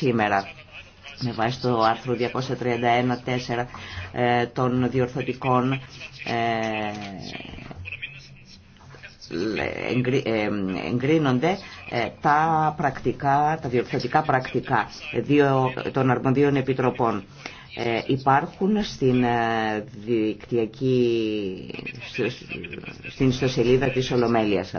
σήμερα με βάση το άρθρο 231.4 ε, των διορθωτικών ε, ε εγκρίνονται ε, τα πρακτικά, τα διορθωτικά πρακτικά των αρμοδίων επιτροπών. Ε, υπάρχουν στην δικτυακή, στην ιστοσελίδα της Ολομέλειας.